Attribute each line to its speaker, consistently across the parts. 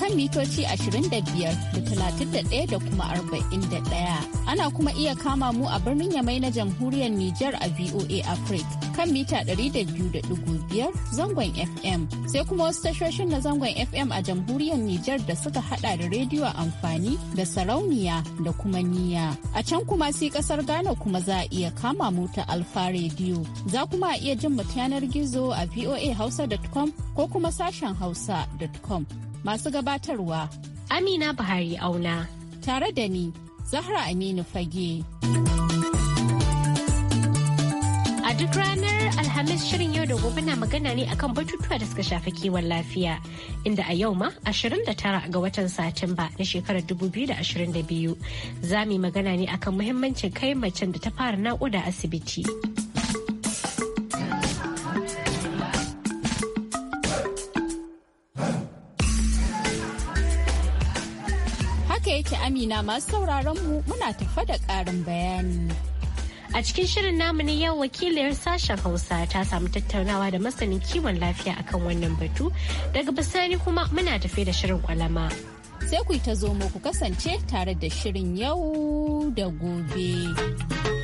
Speaker 1: kan mitoci 25 da 31 da kuma 41. Ana kuma iya kama mu a birnin Yamai na jamhuriyar Nijar a VOA Africa kan mita 200.5 zangon FM. Sai kuma wasu tashoshin na zangon FM a jamhuriyar Nijar da suka hada da rediyo amfani da sarauniya da kuma niya. A can kuma sai kasar Ghana kuma za a iya kama mu ta Alfa rediyo Za kuma a iya jin mu yanar gizo a voa hausa.com ko kuma sashen hausa.com. masu gabatarwa Amina Buhari Auna. Tare da ni, Zahra Aminu Fage. A duk ranar
Speaker 2: Alhamis shirin yau da gobe na magana ne akan batutuwa da suka shafi kiwon lafiya, inda a yau ma 29 ga watan Satumba na shekarar 2022 za mu yi magana ne akan muhimmancin kai macen da ta fara naƙuda asibiti.
Speaker 1: Amina masu sauraron mu
Speaker 2: muna tafa da ƙarin bayani. A cikin shirin namu na yau wakiliyar sashen Hausa ta samu tattaunawa da masanin kiwon lafiya akan wannan batu daga bisani kuma muna tafe da shirin kwalama.
Speaker 1: Sai ku ta zo mu ku kasance tare da shirin yau da gobe.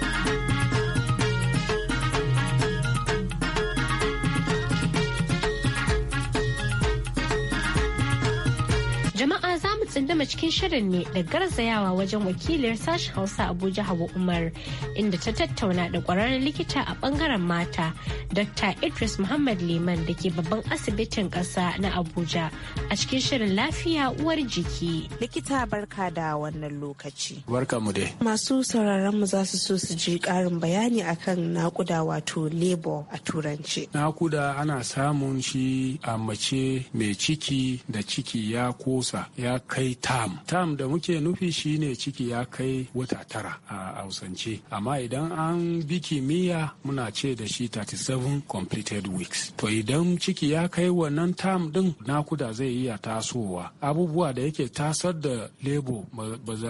Speaker 2: tsunduma cikin shirin ne da garzayawa wajen wakiliyar sashen Hausa Abuja Hawa Umar inda ta tattauna da kwararren likita a bangaren mata Dr. Idris Muhammad Liman da ke babban asibitin kasa na Abuja a cikin shirin lafiya uwar jiki. Likita barka da wannan lokaci.
Speaker 3: mu dai.
Speaker 4: Masu sauraron mu za su so su ji ƙarin bayani akan nakuda wato labor a turanci.
Speaker 3: Nakuda ana samun shi a mace mai ciki da ciki ya kosa ya kai tam tam da muke nufi shine ciki ya kai wata tara a hausance amma idan an bi kimiyya muna ce da shi 37 completed weeks to idan ciki ya kai wannan tam din nakuda zai iya tasowa abubuwa da yake tasar da lebo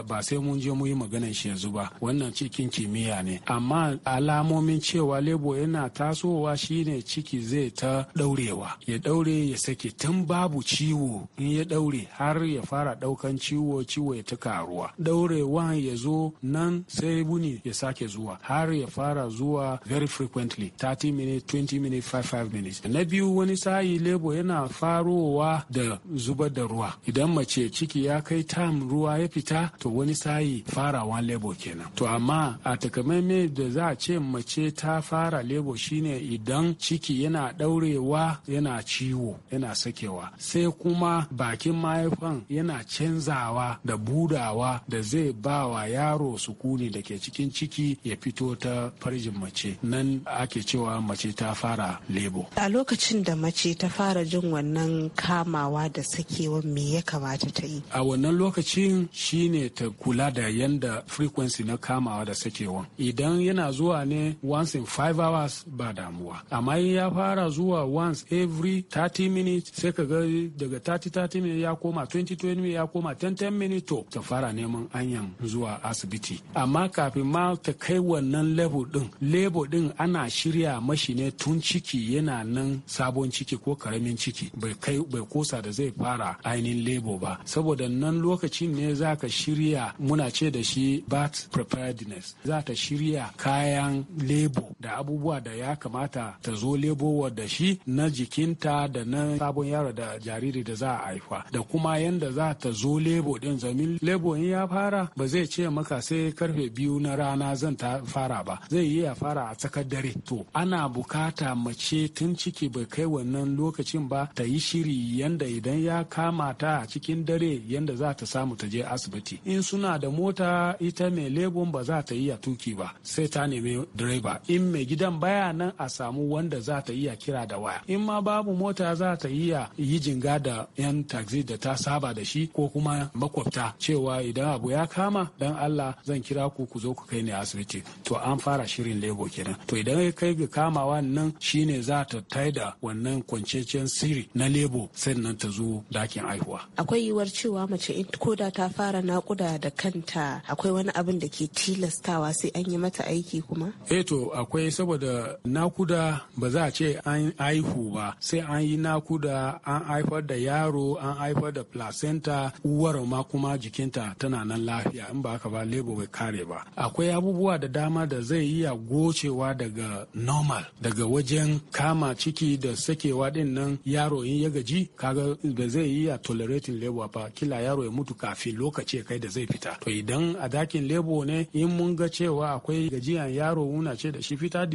Speaker 3: ba sai mun je muyi maganan shi yanzu ba wannan cikin kimiyya ne amma alamomin cewa lebo yana tasowa shine ciki zai ta daurewa ya daure ya sake tun babu ciwo in ya daure har ya fara daukar saukan ciwo ciwo ya ta karuwa daurewan ya zo nan sai buni ya sake zuwa har ya fara zuwa very frequently 30 minutes 20 minutes 55 minutes na biyu wani sayi lebo yana farowa da zubar da ruwa idan mace ciki ya kai tam ruwa ya fita to wani sayi farawan lebo kenan to amma a takamaimai da za a ce mace ta fara lebo shine idan ciki yana daurewa yana ciwo yana sakewa sai kuma bakin mahaifan yana ce canzawa da budawa da zai ba wa yaro sukuni da ke cikin ciki ya fito ta farjin mace nan ake cewa mace ta fara lebo
Speaker 4: a lokacin da mace ta fara jin wannan kamawa da
Speaker 3: sakewa me ya kamata ta yi a wannan lokacin shine ta kula da yanda frequency na kamawa da sakewa idan yana zuwa ne once in five hours ba damuwa amma ya fara zuwa once every 30 minutes sai ka ga daga 30 30 minutes ya koma 20 20 ya koma koma tantan minito ta fara neman anyan zuwa asibiti amma kafin ma ta kai wannan lebo din lebo din ana shirya mashi ne tun ciki yana nan sabon ciki ko karamin ciki bai kai bai kosa da zai fara ainihin lebo ba saboda nan lokacin ne za ka shirya muna ce da shi birth preparedness za ta shirya kayan lebo da abubuwa da ya kamata ta zo lebo da shi na jikinta da na sabon yaro da jariri da za a haifa da kuma yanda za ta zo lebo din zamin lebo in ya fara ba zai ce maka sai karfe biyu na rana zan ta fara ba zai yi ya fara a tsakar dare to ana bukata mace tun ciki bai kai wannan lokacin ba ta yi shiri yanda idan ya kama ta a cikin dare yanda za ta samu ta je asibiti in suna da mota ita mai lebo ba za ta iya tuki ba sai ta nemi direba in mai gidan baya nan a samu wanda za ta iya kira da waya in ma babu mota za ta iya yi jinga da yan taxi da ta saba da shi ko ko kuma makwabta cewa idan abu ya kama dan Allah zan kira ku ku zo ku kai ni asibiti to an fara shirin lebo kenan to idan ya kai ga kamawa nan shine za ta taida wannan kwanciyar sirri na lebo sannan ta zo dakin aihuwa
Speaker 4: akwai yiwuwar cewa mace in koda ta fara nakuda da kanta akwai wani abin da ke tilastawa sai an yi mata aiki kuma
Speaker 3: eh to akwai saboda nakuda ba za a ce an aihu ba sai an yi nakuda an haifar da yaro an haifar da placenta uwar ma kuma jikinta tana nan lafiya in ba haka ba lebo bai kare ba akwai abubuwa da dama da zai iya gocewa daga normal daga wajen kama ciki da sakewa din nan yaro in ya gaji kaga da zai iya tolerating lebo ba kila yaro ya mutu kafin lokaci kai da zai fita to idan a dakin lebo ne in mun ga cewa akwai gajiyan yaro muna ce da shi fitar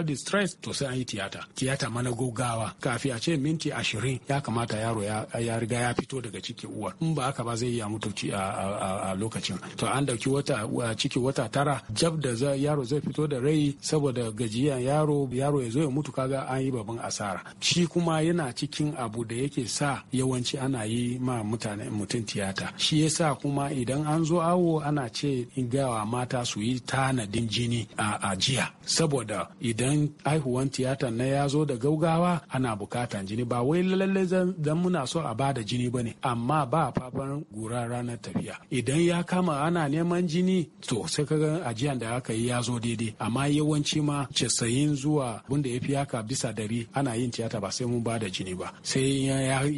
Speaker 3: eh, distress to sai an yi tiyata tiyata mana gaggawa kafin a ce minti ashirin ya kamata yaro ya riga ya fito daga ciki uwar in ba aka ba zai yi a mutu a lokacin to an dauki wata ciki wata tara jab da yaro zai fito da rai saboda gajiya yaro yaro ya zo ya mutu kaga an yi babban asara shi kuma yana cikin abu da yake sa yawanci ana yi ma mutane mutum tiyata shi yasa kuma idan an zo awo ana ce in gawa mata su yi tanadin jini a ajiya saboda idan haihuwan tiyata na ya zo da gaugawa ana bukatan jini ba wai lallai dan muna so a bada jini bane amma ba kafafen gura ranar tafiya idan ya kama ana neman jini to sai ka ga ajiyan da aka yi ya zo daidai amma yawanci ma casa'in zuwa bunda ya fi haka bisa dari ana yin tiyata ba sai mun ba da jini ba sai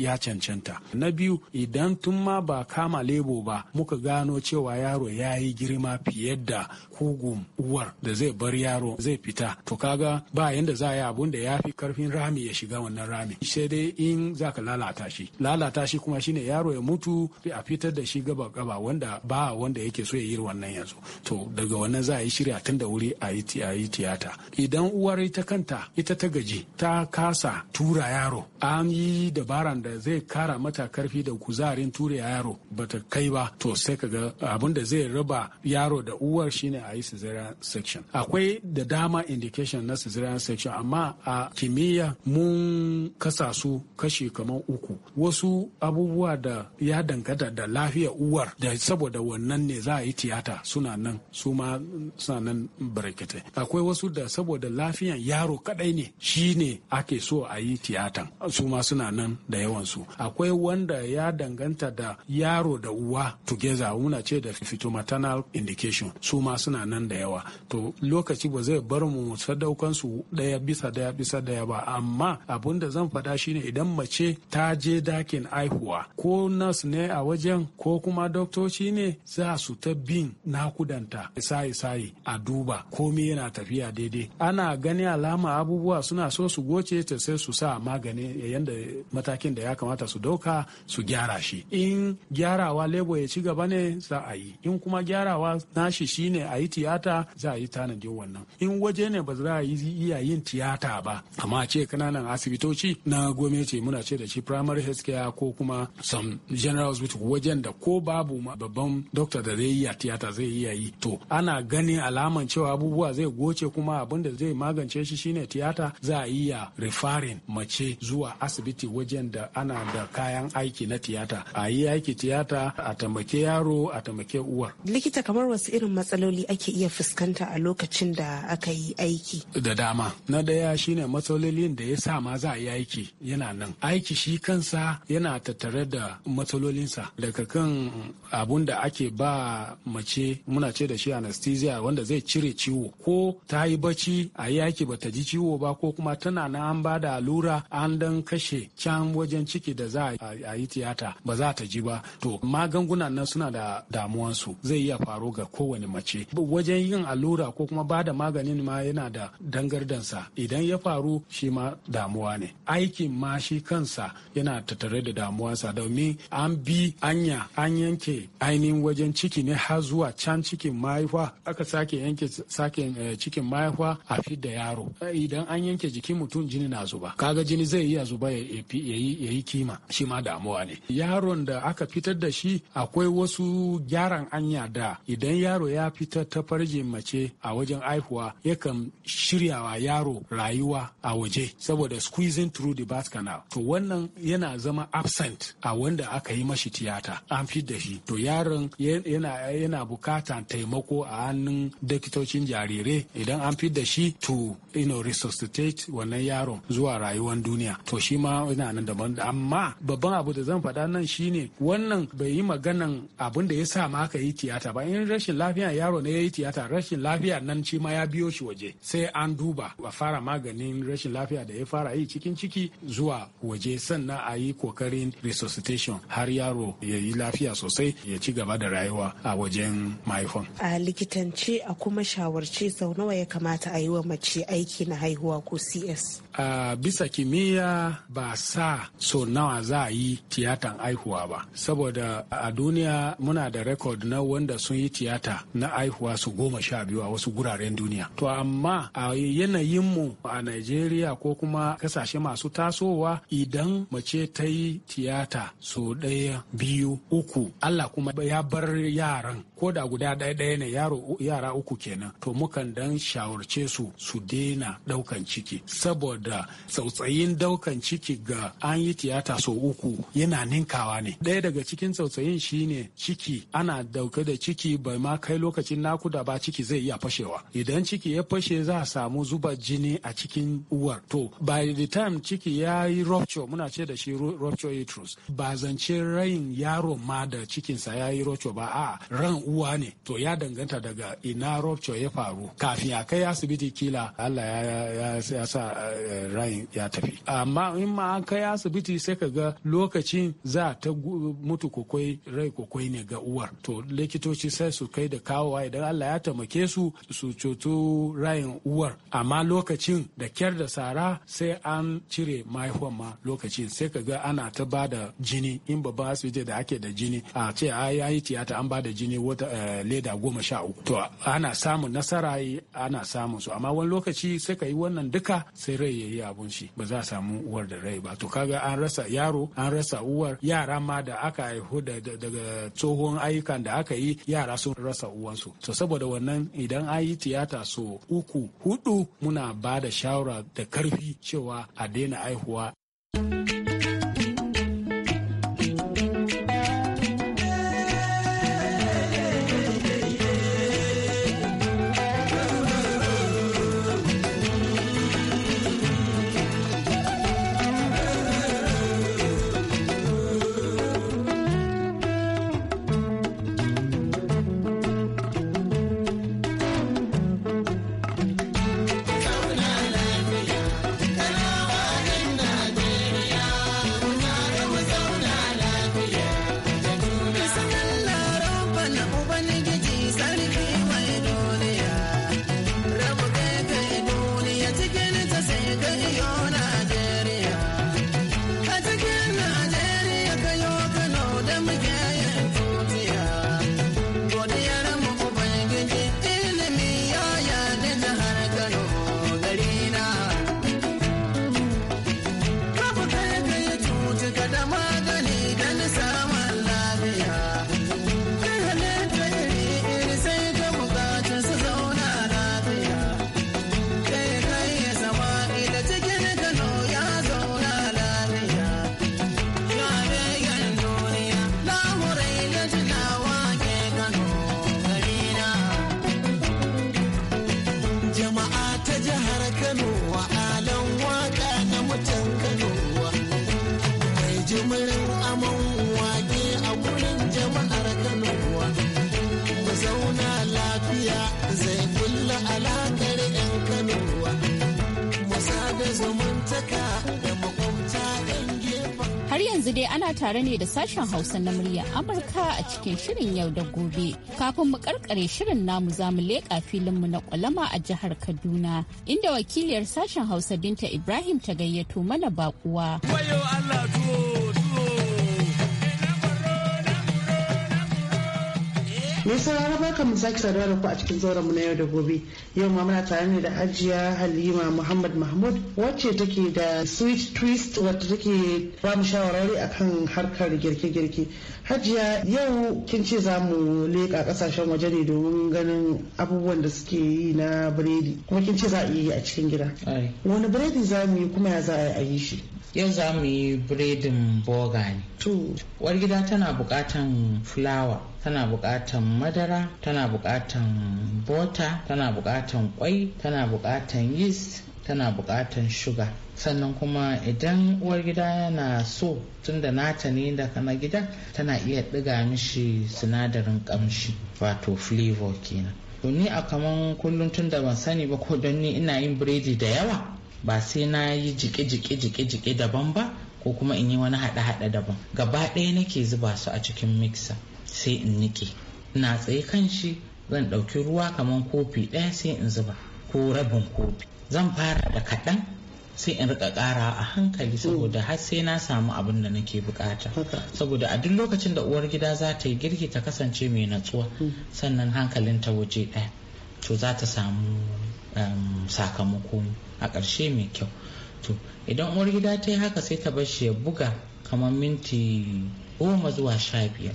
Speaker 3: ya cancanta na biyu idan tun ma ba kama lebo ba muka gano cewa yaro ya yi girma fiye da kugun uwar da zai bar yaro zai fita to kaga ba yanda za a yi abun da ya fi karfin rami ya shiga wannan rami sai dai in za ka lalata shi lalata shi kuma shine yaro ya mutu bai a fitar da shi gaba gaba wanda ba wanda yake so ya yi wannan yanzu to daga wannan za a yi shirya tun da wuri a yi tiyata idan uwar ita kanta ita ta gaji ta kasa tura yaro an yi dabaran da zai kara mata karfi da kuzarin tura yaro bata kai ba to sai ka ga abin da zai raba yaro da uwar shine a yi cesarean section akwai da dama indication na cesarean section amma a kimiyya mun kasa su kashi kamar uku wasu abubuwa da ya ya dangata da lafiyar uwar da saboda wannan ne za a yi tiyata suna nan su ma suna nan barkatai akwai wasu da saboda lafiyan yaro kadai ne shi ne ake so a yi tiyatan su ma suna nan da su akwai wanda ya danganta da yaro da uwa together muna ce da fitomaternal indication su ma suna nan da yawa to lokaci ba zai bar mu sadaukan su daya bisa daya bisa daya ba amma abun da zan faɗa shine idan mace ta je dakin aihuwa ko nas ne a wajen ko kuma doktoci ne za su ta bin nakudanta saye-saye a duba komai yana tafiya daidai ana gani alama abubuwa suna so su goce ta sai su sa magani yadda matakin da ya kamata su dauka su gyara shi in gyarawa lebo ya ci gaba ne za a yi in kuma gyarawa nashi shi ne a yi tiyata za a yi tanadi wannan in waje ne ba za a yi iya yin tiyata ba amma ce kananan asibitoci na gwamnati muna ce da shi primary health care ko kuma some general general hospital wajen da ko babu babban doctor da zai a tiyata zai iya yi to ana ganin alaman cewa abubuwa zai goce kuma abin da zai magance shi shine tiyata za a iya referring mace zuwa asibiti wajen da ana da kayan aiki na tiyata a yi aiki tiyata a tambake yaro a tambake uwar likita kamar wasu irin
Speaker 4: matsaloli ake iya fuskanta a lokacin da aka yi aiki
Speaker 3: da dama na daya shine matsalolin da ya sa ma za a yi aiki yana nan aiki shi kansa yana tattare da matsaloli matsalolinsa daga kan abun da ake ba mace muna ce da shi anesthesia wanda zai cire ciwo ko ta yi bacci a yi yaki bata ji ciwo ba ko kuma tana na an ba da allura an dan kashe can wajen ciki da za a yi tiyata ba za ta ji ba to magunguna nan suna da damuwansu zai iya faru ga kowane mace wajen yin allura ko kuma ba da maganin ma yana da dangardansa idan ya faru shi ma damuwa ne aikin ma shi kansa yana tattare da damuwansa domin an an bi anya an yanke ainihin wajen ciki ne har zuwa can cikin mahaifa aka sake yanke sake eh, cikin mahaifa a fidda yaro idan an yanke jikin mutum jini na zuba kaga jini zai iya zuba ya yi kima shi ma damuwa ne yaron da aka fitar da shi akwai wasu gyaran anya da idan yaro ya fitar ta farjin mace a wajen aihuwa yakan shiryawa yaro rayuwa a waje saboda squeezing through the birth canal to wannan yana zama absent a wanda aka yi yi mashi tiyata an fi da shi to yaron yana yana bukatan taimako a hannun dakitocin jarire idan an fi da shi to you know resuscitate wannan yaron zuwa rayuwar duniya to shi ma yana nan daban amma babban abu da zan faɗa nan shine wannan bai yi maganan abin da ya sa ma aka yi tiyata ba in rashin lafiya yaro ne ya yi tiyata rashin lafiya nan shi ma ya biyo shi waje sai an duba a fara maganin rashin lafiya da ya fara yi cikin ciki zuwa waje sannan a yi kokarin resuscitation har yaro ya yi lafiya sosai ya ci gaba da rayuwa a wajen mahaifan.
Speaker 4: A likitance a kuma shawarci, sau nawa ya kamata a yi wa mace aiki na haihuwa ko CS.
Speaker 3: a bisa kimiyya ba sa so nawa za a yi tiyatan aihuwa ba saboda a duniya muna da rekod na wanda sun yi tiyata na aihuwa su goma sha biyu a wasu guraren duniya to amma a yanayinmu a nigeria ko kuma kasashe masu tasowa idan mace ta yi tiyata so ɗaya biyu uku allah kuma ya bar yaran ko da guda ɗaya ɗaya ne yara uku kenan to mukan dan shawarce su su daina ɗaukan ciki saboda da tsautsayin daukan ciki ga an yi tiyata sau uku yana ninkawa ne ɗaya daga cikin tsautsayin shine ciki ana dauke da ciki bai ma kai lokacin nakuda ba ciki zai iya fashewa idan ciki ya fashe za a samu zuba jini a cikin uwar to by the time ciki ya yi rupture muna ce da shi rupture uterus ba zance rain yaro ma da cikinsa ya yi rupture ba a ran uwa ne to ya danganta daga ina rupture ya faru kafin a kai asibiti kila Allah ya sa rayin ya tafi amma in ma an kai asibiti sai ka ga lokacin za ta mutu kokwai rai kwakwai ne ga uwar to likitoci sai su kai da kawowa idan Allah ya taimake su su cutu rayin uwar amma lokacin da kyar da sara sai an cire mahaifuwan ma lokacin sai ka ga ana ta ba da jini in babban asibiti da ake da jini a ce a yayi tiyata an ba da jini wata eh, leda goma sha uku to ana samun nasara ana samun su amma wani lokaci sai ka yi wannan duka sai rai ya yi abun shi ba za a samu uwar da rai ba to kaga an rasa yaro an rasa uwar yara ma da aka haihu daga tsohon ayyukan da aka yi yara sun rasa uwansu to saboda wannan idan an yi tiyata so uku hudu muna ba da shawara da karfi cewa a daina haihuwa.
Speaker 4: kowa
Speaker 1: yanzu dai ana tare ne da sashen Hausa na murya Amurka a cikin shirin yau da gobe. Kafin mu karkare shirin namu za mu leƙa filinmu na kwalama a jihar Kaduna, inda wakiliyar sashen Hausa Binta Ibrahim ta gayyato mana bakuwa. sai saurara barka mu sake saduwa da ku a
Speaker 4: cikin zauren mu na yau da gobe. Yau ma muna tare ne da Hajiya Halima Muhammad Mahmud wacce take da sweet twist wacce take ba mu shawarwari akan harkar girke-girke. Hajiya yau kin ce za mu leƙa ƙasashen waje ne domin ganin
Speaker 5: abubuwan da suke yi na biredi kuma kin ce za a yi a cikin gida. Wani biredi za mu yi kuma ya za a yi a yi shi. yau za mu yi biredin boga ne uwar gida tana bukatan fulawa tana bukatan madara tana bukatan bota tana bukatan kwai tana bukatan yis tana bukatan shuga sannan kuma idan uwar gida yana so tun tunda nata ne da na gida tana iya ɗiga mishi sinadarin kamshi wato flavor kenan to ni a kaman kullum tun da ban sani ba ko don ni ina yin biredi da yawa ba sai na yi jike-jike-jike-jike daban ba ko kuma in yi wani haɗa-haɗa daban gaba ɗaya nake zuba su a cikin mixer sai in niƙe ina tsaye kan shi zan ɗauki ruwa kamar kofi ɗaya sai in zuba ko rabin kofi zan fara da kaɗan sai in rika ƙara a hankali saboda har sai na samu abin da nake bukata saboda a duk lokacin da uwar gida za ta yi girki ta kasance mai natsuwa hmm. sannan hankalin ta waje ɗaya to za ta samu sakamako a ƙarshe mai kyau to idan uwar ta yi haka sai ta bashi ya buga kamar minti goma zuwa sha biyar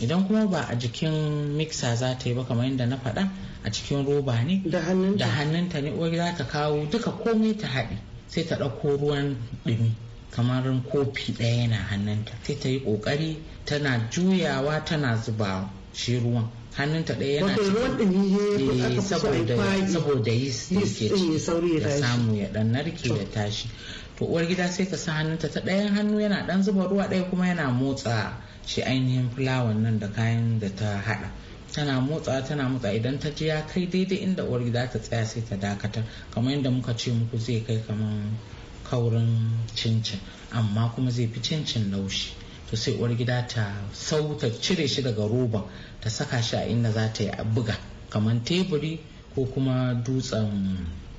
Speaker 5: idan kuma ba a jikin mixer za ta yi ba kamar yadda na faɗa a cikin roba ne da hannunta ne uwar gida ta kawo duka komai ta haɗi sai ta ɗauko ruwan ɗumi kamar kofi ɗaya yana hannunta sai ta yi ƙoƙari tana juyawa tana zubawa shi ruwan hannunta ɗaya yana cikin eh, saboda saboda yeast ke eh, ci ya samu ya dan narke ya tashi to uwar gida sai ta sa hannunta ta ɗayan hannu yana dan zuba ruwa ɗaya kuma yana motsa shi ainihin fulawan nan da kayan da ta haɗa tana motsa tana motsa idan ta ji ya kai daidai inda uwar gida ta tsaya sai ta dakatar kamar yadda muka ce muku zai kai kamar kaurin cincin amma kuma zai fi cincin laushi to sai uwar gida ta sauta cire shi daga roban ta saka shi a inda za ta yi buga kamar teburi ko kuma dutsen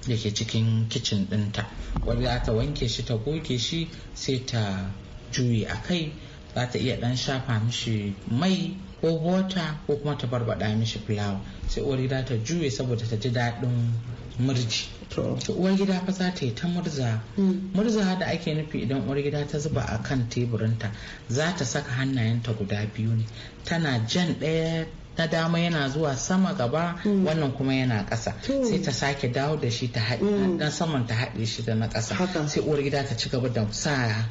Speaker 5: da ke cikin kicin ɗinta wadda ta wanke shi ta goge shi sai ta juye a kai za ta iya ɗan shafa mishi mai ko bota ko kuma ta barbaɗa mishi fulawa sai uwar gida ta juye saboda ta ji daɗin murji to uwar gida fa za ta yi ta murza hmm. murza da ake nufi idan uwar gida ta zuba a kan teburinta za ta saka hannayenta guda biyu ne tana jan ɗaya na dama yana zuwa sama gaba mm. wannan kuma yana ƙasa sai ta sake dawo da shi ta haɗe mm. dan saman ta haɗe shi da na ƙasa sai uwar gida ta ci gaba da sa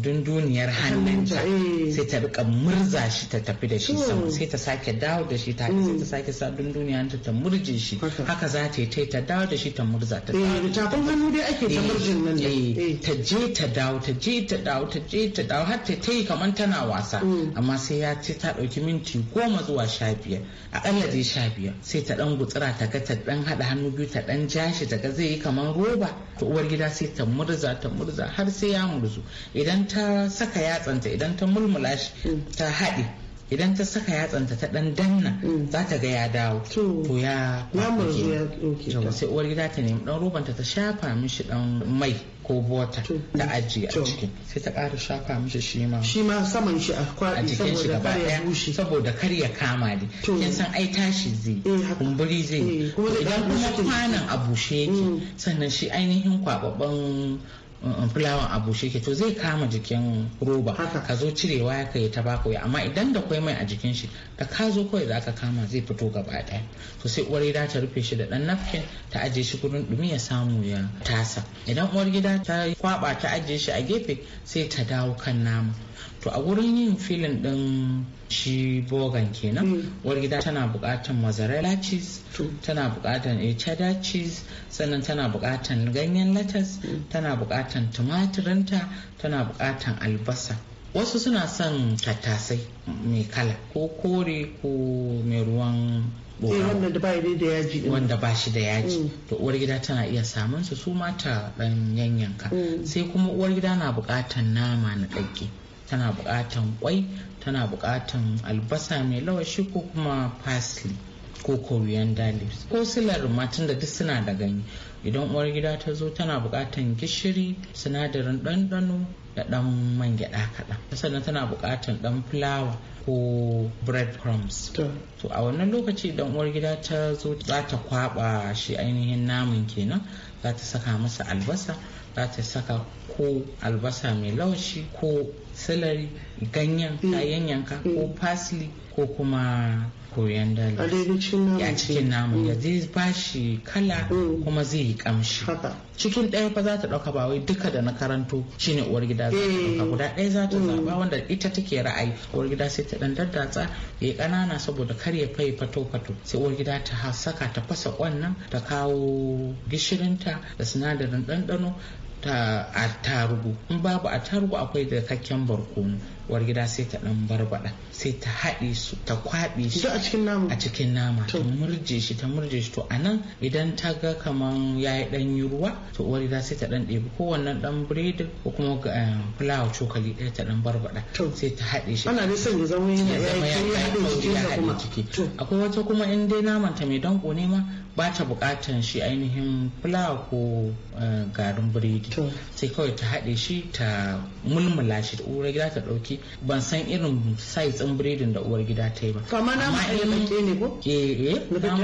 Speaker 5: dunduniyar hannunta eh. sai ta rika murza shi ta tafi da shi sama sai ta sake dawo da shi ta haɗe sai ta mm. sake sa dunduniyar ta murje shi haka za ta yi ta dawo da shi ta murza ta eh, dawo ake ta eh, murjin nan ne eh, eh. ta je ta dawo ta je ta dawo ta je ta dawo har ta ta yi kamar tana wasa mm. amma sai ya ce ta ɗauki minti goma zuwa sha biyar akalla dai sha biyar sai ta ɗan gutsira ta ga ta ɗan haɗa hannu biyu ta ɗan jashi ta ga zai yi kamar roba ta uwar gida sai ta murza ta murza har sai ya murzu idan ta saka yatsanta idan ta mulmula shi mm. ta haɗe idan ta saka yatsanta ta dan danna mm. za ta ga ya dawo to ya kwakwake sai uwar gida ta nemi dan robanta ta shafa mishi dan mai ko bota ta ajiye a ciki sai ta ƙara shafa mishi shi ma shi ma saman shi a kwaɗi saboda kar ya bushe saboda kar ya kama ne kin san ai tashi zai eh, kumburi zai eh, idan kuma kwanan a bushe yake mm. sannan shi ainihin kwababban fulawan a bushe ke to zai kama jikin roba ka zo cirewa ya kai ta bako amma idan da kwai mai a jikin shi da ka zo kawai za ka kama zai fito gaba ɗaya to sai uwar gida ta rufe shi da ɗan nafkin ta ajiye shi gurin ɗumi ya samu ya tasa idan uwar gida ta kwaba ta ajiye shi a gefe sai ta dawo kan nama to a gurin yin filin ɗin shi bogan kenan hmm. uwar gida tana bukatan mozzarella cheese tana buƙatar eh, cheddar cheese sannan tana bukatan ganyen latas hmm. tana bukatan tumatirinta tana bukatan albasa wasu suna son tattasai mai kala ko kore ko mai ruwan
Speaker 3: eh,
Speaker 5: wanda ba shi da yaji hmm. to uwar gida tana iya samun su su mata dan yanyanka sai kuma uwar gida na bukatan nama na ɗage tana bukatan kwai tana buƙatan albasa mai lawashi ko kuma parsley ko coriander leaves ko silar matan da duk suna da gani idan uwar gida ta zo tana bukatan gishiri sinadarin ɗanɗano da ɗan man gyaɗa kaɗan sannan tana bukatan ɗan fulawa ko bread crumbs to a wannan lokaci idan uwar gida ta zo za ta kwaɓa shi ainihin naman kenan za ta saka masa albasa za ta saka ko albasa mai lawashi ko celery ganyen mm. kayan yanka mm. ko parsley ko kuma koyan dala a cikin naman ya mm. zai ba shi kala kuma zai yi kamshi cikin ɗaya fa za ta ɗauka ba wai duka da na karanto shine uwar gida za ta eh. ɗauka guda ɗaya za ta zaɓa wanda ita take ra'ayi uwar gida sai ta ɗan daddatsa ya yi ƙanana saboda kar ya fai fato fato sai uwar gida ta saka ta fasa ƙwannan ta kawo gishirinta da sinadarin ɗanɗano ta attarugu in babu attarugu akwai da kakken barkono war gida sai ta dan barbada sai ta haɗe su ta kwaɓe shi a cikin nama a cikin nama ta murje shi ta murje shi to anan idan ta ga kaman yayi dan yi ruwa to war gida sai ta dan ɗebi wannan dan biredi ko kuma eh, fulawa cokali ɗaya ta dan barbada sai ta haɗe shi ana nisan ya zama yana ya haɗe ciki akwai wata kuma in dai naman ta mai danko ne ma ba ta bukatan shi ainihin fulawa ko eh, garin biredi sai kawai ta haɗe shi ta mulmula shi da uwar gida ta ɗauki ban san irin size ɗin biredin da uwar gida ta yi ba Kamar nama ne nakakke ne ko eh eh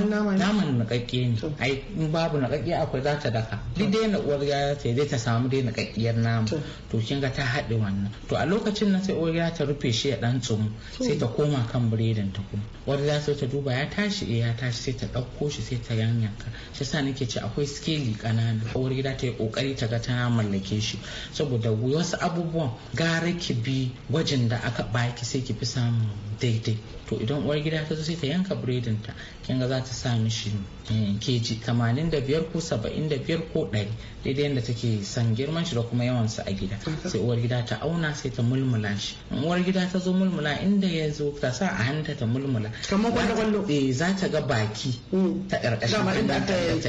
Speaker 5: naman ne ai in babu nakakke akwai za ta daka duk dai na uwar gida ta dai ta samu dai nakakkiyar nama to kin ga ta haɗe wannan to a lokacin nan sai uwar gida ta rufe shi ya ɗan tsumu sai ta koma kan biredin ta kuma uwar gida sai ta duba ya tashi eh ya tashi sai ta ɗauko shi sai ta yanyanka shi sa nake ce akwai sikeli ƙanana uwar gida ta yi ƙoƙari ta ga ta na mallake shi saboda wasu abubuwan gara ki bi gwajin da aka baki sai ki fi samun daidai to idan uwar gida ta zo sai ta yanka biredin ta kin ga za ta sa mishi eh, keji 85 ko 75 ko 100 daidai yadda take son girman shi da kuma yawan sa a gida sai uwar gida ta auna sai ta mulmula shi uwar gida ta zo mulmula inda ya zo ta sa a hanta ta mulmula kamar kwallo kwallo eh za ta ga baki mm. ta karkashin inda ta yi eh. to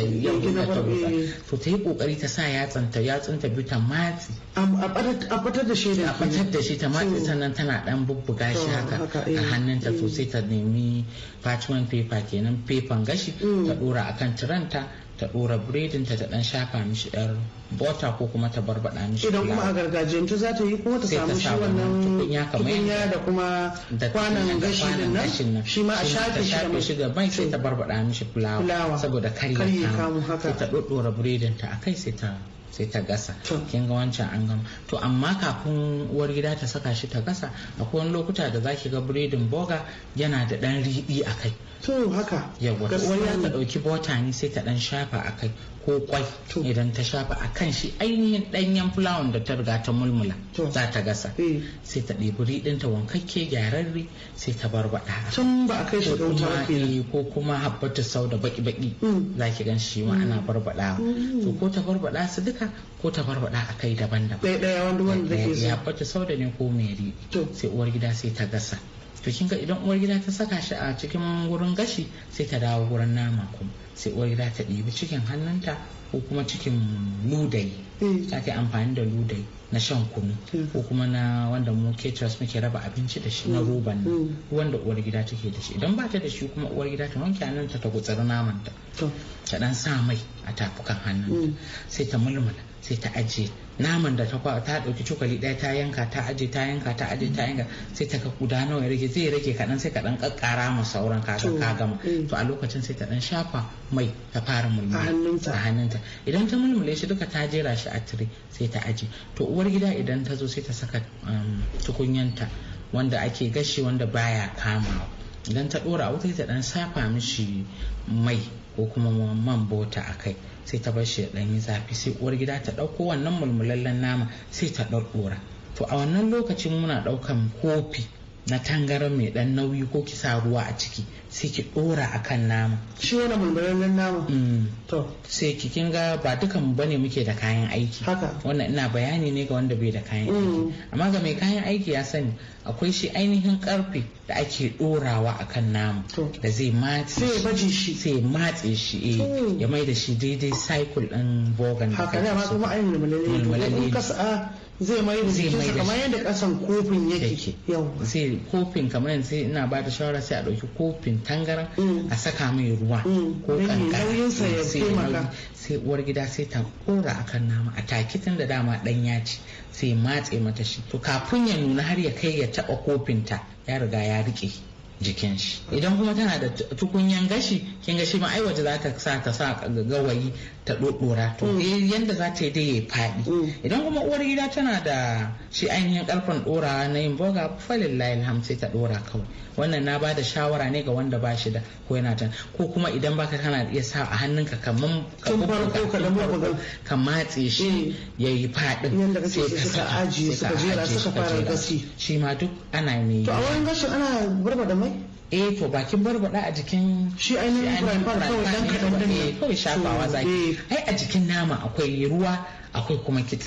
Speaker 5: ta yi kokari ta sa yatsanta yatsanta biyu ta matsi a batar da shi ne a batar da shi ta matse sannan tana dan bubbuga shi haka a eh. hannunta sosai sai ta nemi parchment paper kenan paper gashi ta dora mm. akan tiranta ta dora biredin ta ta dan shafa mishi yar bota ko kuma ta barbada mishi idan kuma a gargajiyance za ta yi kuma ta samu shi wannan tukunya kamar da kuma kwanan gashi din nan shi ma a shafe shi da shi ga mai sai ta barbada mishi fulawa saboda kare kamu sai ta dora biredin ta akai sai ta sai ta gasa kin ga wancan an gama to amma kafin uwar gida ta saka shi ta gasa akwai wani lokuta da zaki ga biredin boga yana da dan riɗi a kai to haka yawa uwar ya ta dauki bota ne sai ta dan shafa a kai ko kwai idan ta shafa a kan shi ainihin danyen fulawan da ta riga ta mulmula za ta gasa eh. sai ta ɗebi riɗin ta wankakke gyararre sai ta barbaɗa tun ba a kai shi wuta eh, ko kuma habbatu sau da baki-baki mm. za ki gan shi ma ana barbaɗa mm. ko ta barbaɗa su duka haka ko ta farfada a kai daban-daban ɗaya ɗaya wanda wanda zai ya sau da ne ko mai riɗi sai uwar gida sai ta gasa to kin ga idan uwar gida ta saka shi a cikin wurin gashi sai ta dawo wurin nama kuma sai uwar gida ta ɗibi cikin hannunta ko kuma cikin ludayi eh. ta ke amfani da ludayi na shan kunu eh. ko kuma na wanda mu caterers muke raba abinci da shi na mm. roban nan mm. wanda uwar gida take da shi idan ba ta da shi kuma uwar gida ta wanke hannunta ta gutsari ta. ta dan sa mai a tafukan hannun mm. sai ta mulmula sai ta ajiye naman da ta ta dauki cokali daya ta yanka ta aje ta yanka ta aje ta yanka sai ta ka guda nawa ya rage zai rage kadan sai kaɗan kakkara ma sauran kaga ka gama mm. to a lokacin sai ta dan shafa mai ta fara mulmula a hannunta idan ta mulmule shi duka ta jera shi a tire sai ta aje to uwar gida idan ta zo sai ta saka um, tukunyanta wanda ake gashi wanda baya kamawa idan ta dora wuta ta dan safa mishi mai ko kuma man bota a kai sai ta bar shi ya ɗanyi zafi sai uwar gida ta ɗauko wannan mulmulallen nama sai ta ɗaɗɗora to a wannan lokacin muna ɗaukan kofi na tangaran mai ɗan nauyi ko kisa ruwa a ciki sai ki dora kan naman
Speaker 3: shi wani mulmulallen
Speaker 5: nama? Mm. to sai ki kin ga ba dukan bane muke da kayan aiki haka wannan ina bayani ne ga wanda bai da kayan aiki mm. amma ga mai kayan aiki ya sani akwai shi ainihin karfe da ake dorawa nama. namu da zai matse sai baje shi sai matse shi eh ya mai da shi daidai cycle ɗin bogan haka ne ma kuma ainihin mulmulalle mm, ne zai mai da jikinsa kamar yadda kasan kofin yake yau sai kofin kamar yanzu ina ba da shawara sai a dauki kofin tangaran mm. a saka mai ruwa mm. ko kankara sai uwar gida sai ta kora akan nama a takitin da dama dan ya ci sai matse mata shi to kafin ya nuna har ya kai ya taɓa ta ya riga ya rike. jikin shi idan kuma tana da tukunyan gashi kin gashi ma aiwata za ta sa ta sa gawayi ta dodora to mm. eh, yanda za ta yi dai ya faɗi mm. idan kuma uwar gida tana da shi ainihin karfin dora na yin boga falin layin hamsi ta dora kawai wannan na ba da shawara ne ga wanda ba shi da ko yana tan ko kuma idan baka kana iya sa a hannunka kaman ka matse shi mm. ya yi faɗin sai ka sa ajiye suka jera suka fara gasi shi ma duk ana mai to a wurin gashin ana barba da mai eh to bakin barbada a jikin shi ainihin kawai dan kadan dan kawai shafawa zaki eh. ai a jikin nama akwai ruwa akwai kuma kit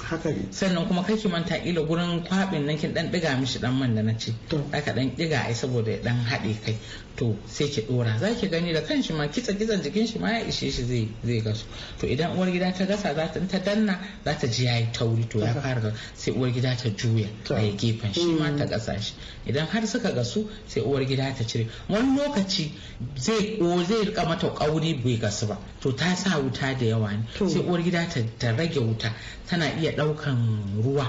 Speaker 5: sannan kuma kai ki manta ila gurin kwabin nan kin dan diga mishi dan man da na ce aka dan diga ai saboda ya dan haɗe kai to sai ki dora zaki gani da kanshi ma kitsa kitsan jikin shi ma ya ishe shi zai zai gasu to idan uwar gida ta gasa za ta ta danna za ta ji yayi tauri to ya fara sai uwar gida ta juya a gefen shi ma ta mm. gasa shi idan har suka gasu sai uwar gida ta cire wani lokaci zai ko zai rika mata kauri bai gasu ba to ta sa wuta da yawa ne sai uwar gida ta rage wuta tana iya ɗaukan ruwa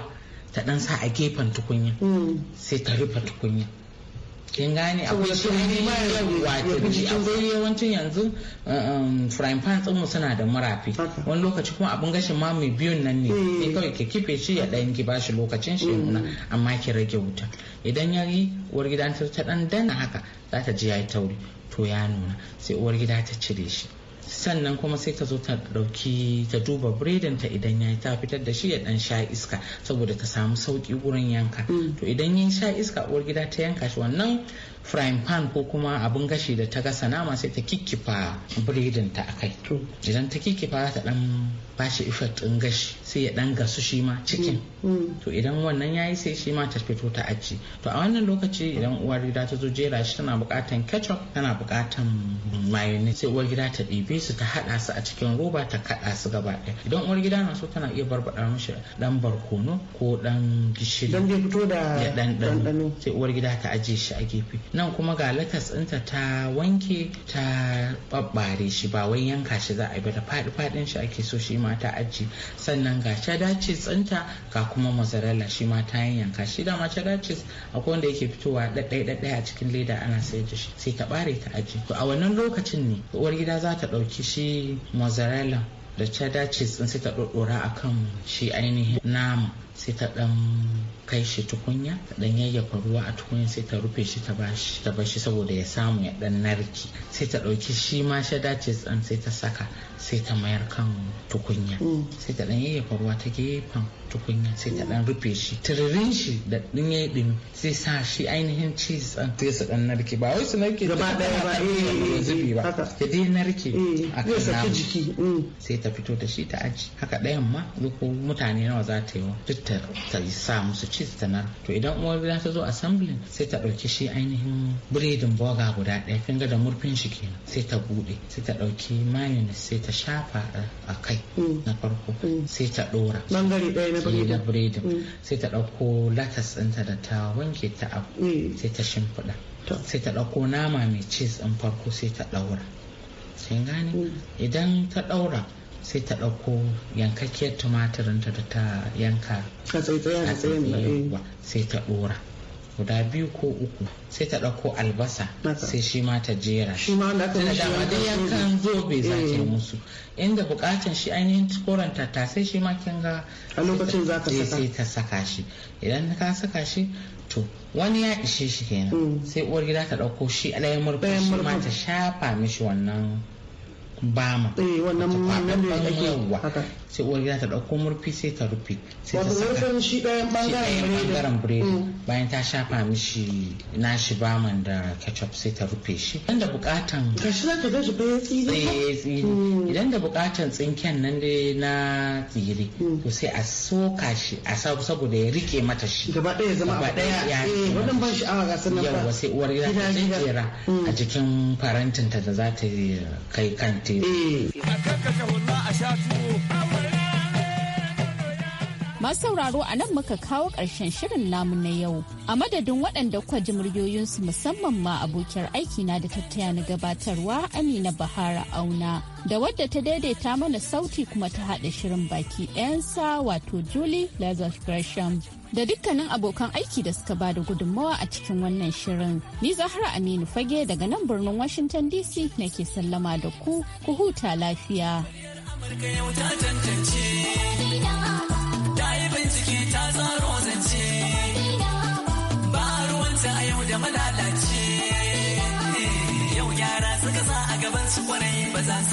Speaker 5: ta ɗan sa a gefen tukunya mm. sai ta rufe tukunya kin gane akwai shi yawancin yanzu uh, um, frying pan tsinmu suna da murafi wani lokaci kuma abin gashin ma mai biyun nan ne mm. Sai kawai ki kife shi ya dan ki bashi lokacin shi mm. nuna amma ki rage wuta idan ya yi uwar gida ta dan dana haka za ta ji ya yi tauri to ya nuna sai uwar gida ta cire shi sannan kuma sai ta zo ta dauki ta duba biredin ta idan ya ta fitar da shi ya dan sha iska saboda ta samu sauki wurin yanka mm. to idan ya sha iska uwar gida ta yanka shi wannan frying pan ko kuma abin gashi da ta gasa nama sai ta kikkifa biredin ta akai idan ta kikkifa ta dan bashi effect din gashi sai ya dan gasu shi ma cikin mm, mm. to idan wannan yayi sai shi ma ta fito ta aji to a wannan lokaci idan uwar gida ta zo jera shi tana bukatan ketchup tana bukatan mayonnaise sai uwar gida ta ɗebe su ta haɗa su a cikin roba ta kaɗa su gaba ɗaya idan uwar gida na so tana iya barbada mishi dan barkono ko dan gishiri dan bai fito da ya dan dan sai uwar gida ta aje shi a gefe nan kuma ga latas ɗinta ta wanke ta babbare shi ba wai yanka shi za a yi ba ta faɗi faɗin shi ake so shi ma ta aji sannan ga cheddar cheese ɗinta ga kuma mozzarella shi ma ta yanka shi ma cheddar cheese akwai wanda yake fitowa ɗaɗɗai ɗaɗɗai a cikin leda ana sayar da shi sai ta ɓare ta aji to a wannan lokacin ne uwar gida za ta ɗauki shi mozzarella da cheddar cheese sai ta ɗoɗɗora akan shi ainihin nama sai ta dan kai shi tukunya ta dan yayyafa ruwa a tukunya sai ta rufe shi ta bashi ta bashi saboda ya samu ya dan narki sai ta dauki shi ma shada ce tsan sai ta saka sai ta mayar kan tukunya mm. sai ta dan yayyafa ruwa ta gefen tukunya sai ta dan rufe shi tururin shi da din yayi din sai sa shi ainihin cheese tsan sai su dan narki ba wai su narki gaba daya ba eh zubi ba ta dai narki eh, a kan jiki mm. sai ta fito da shi ta aji haka dayan ma ko mutane nawa za ta yi wa duk ta sa musu cheese ta nar to idan uwar gida ta zo assembly sai ta ɗauki shi ainihin biredin boga guda ɗaya Finga da murfin shi kenan sai ta buɗe sai ta ɗauki mayonnaise sai ta shafa a kai mm. na farko mm. sai ta ɗora
Speaker 3: bangare ɗaya na
Speaker 5: biredin mm. sai ta ɗauko latas ɗinta da ta wanke ta abu sai ta shimfiɗa sai ta ɗauko nama mai cheese ɗin farko sai ta ɗaura Sai gane idan ta ɗaura sai ta ɗauko yankakkiyar tumatirinta da ta yanka
Speaker 4: a tsaye eh.
Speaker 5: sai ta ɗora guda biyu ko uku sai ta ɗauko albasa sai shi ma ta jera shi ma da ta mishi dama dai yankan zo bai ta eh. musu inda bukatan shi ainihin tsoron ta sai shi ma kin ga a lokacin za ka saka sai ta saka shi idan ka saka shi to wani ya ishe shi kenan mm. sai uwar gida ta ɗauko shi ɗayan murfin shi ma ta shafa mishi wannan bama eh wannan nan ne ake sai uwar gida ta ɗauko murfi sai ta rufe sai ta saka
Speaker 3: shi ɗayan ɓangaren biredi mm.
Speaker 5: bayan ta shafa mishi nashi baman da ketchup sai ta rufe shi idan da buƙatan
Speaker 3: gashi za ta gashi bayan tsiri
Speaker 5: mm. idan da bukatan tsinken nan dai na tsiri mm. to sai a soka shi a sabu saboda ya rike mata shi gaba ɗaya zama gaba ɗaya ya eh, wannan ban awa ga sanan yawa sai uwar gida ta tsinkera a jikin ta da za ta kai kan tebur.
Speaker 3: Eh. a sha
Speaker 1: Masu sauraro a nan muka kawo ƙarshen shirin namu na yau. A madadin waɗanda kwa ji muryoyinsu musamman ma abokiyar aikina da tattaya na gabatarwa Amina Bahara Auna. Da wadda ta daidaita mana sauti kuma ta haɗa shirin baki ɗayansa wato Julie lazar Gresham. Da dukkanin abokan aiki da suka ba da gudunmawa a cikin wannan shirin. Ni Zahra Aminu Fage daga nan birnin Washington DC nake sallama da ku, ku huta lafiya.
Speaker 3: Amurka yau ta cancanci.
Speaker 4: zama yau yara suka sa a gaban su kwarai ba za su